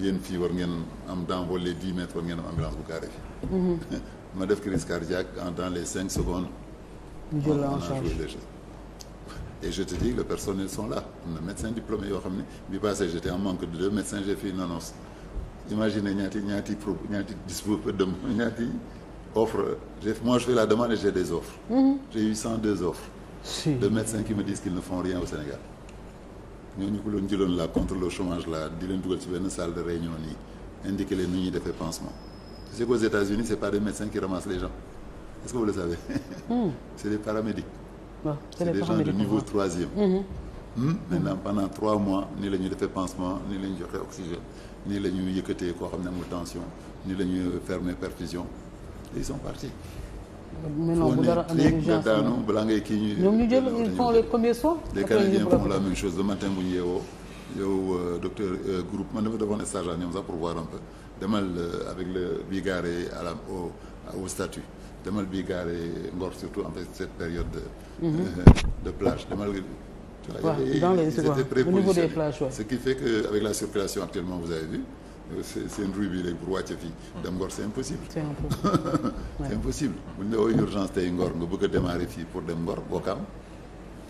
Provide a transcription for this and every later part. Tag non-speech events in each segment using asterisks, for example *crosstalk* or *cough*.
yéen fi war ngeen am dans les dix mètres war mhm. ma def crise cardiaque en dans les cinq secondes. ñu jël en charge e je te dis le personnel sont là am na médecin diplômé yoo xam ne bi passé j'étais en manque de deux médecins j'ai fait une annonce imaginez ñaati ñaati pro ñaati dispo dem ñaati offre moi je fais la demande et des offres. Mhm. j'ai eu cent deux offres. de médecins qui me disent qu'ils ne font rien au Sénégal. ñooñu ko doon jëloon la contre le chômage la di leen dugal ci benn salle de réunion nii indiqué leen nu ñuy defee pansement tu sais qu'aux États-Unis c'est pas des les gens est-ce que vous le savez. Mmh. *laughs* c'est des c'est des, gens de niveau troisième. Mmh. maintenant pendant trois mois nii la ñuy defee pansement nii la ñuy joxe oxygène nii la ñuy yëkkatee koo xam ne amul tension nii la ñuy fermer perfusion ils sont partis. mais non bu dara amee urgence daanu balaa ngay kii ñu. ñoom ñu jël ils font les premiers soins. les Canadiens font la même chose le matin bu ñu yeewoo yow euh, docteur euh, groupe man dafa defoon stage ak ñoom sax pour voir un peu demal euh, avec le bii garé à la au au statut demal bii garé Ngor surtout en fait cette période. de mhm. de plage demal. waaw dans les c'est quoi au niveau des plages ce qui fait que avec la circulation actuellement vous avez vu. seen rue bi léegi pour wàcce fii hmm. dem Ngor c'est impossible c'est impossible *laughs* c'est impossible bu ñu la nga bëgg a fi fii pour dem Ngor Ouakam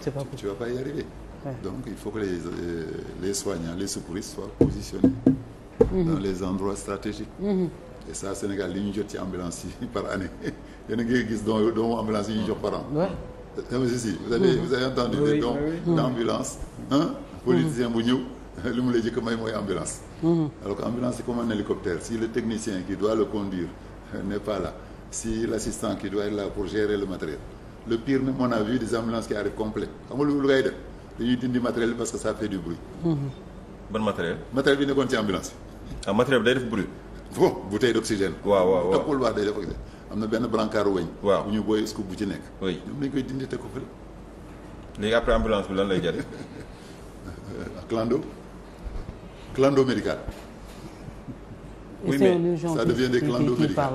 tu vas pas y arriver ouais. donc il faut que les euh, les soignants les secouristes soient positionnés mm -hmm. dans les endroits stratégiques mm -hmm. et li ñu jot ci ambulance yi *laughs* par année yéen a ngi gis doomu doomu ambulance yi ñu jox par an si si vous avez mm-hmm. vous avez entendu des dons bu ñëw *laughs* li mu lay jëkk may mooy ambulance. Mhm. alors que ambulance c'est comme un hélicoptère si le technicien qui doit le conduire *laughs* n'est pas la si l'assistant qui doit être là pour gérer le matériel le pire même on des ambulances qui arrivent xam nga lu ngay def dañuy dindi matériel parce que ça fait du bruit. Mhm. ban matériel. matériel bi nekkoon ci ambulance bi. ah matériel bi day def bruit. bon bouteille d'oxygène. waaw waaw waaw tappul wax day def oxygène am na benn brancard weñ. waaw ñu booyee bu ci nekk. oui ñoom dañ koy dindi teg ko fële. léegi après ambulance bi lay jar. *laughs* clando médical. oui mais ça devient des clando médical.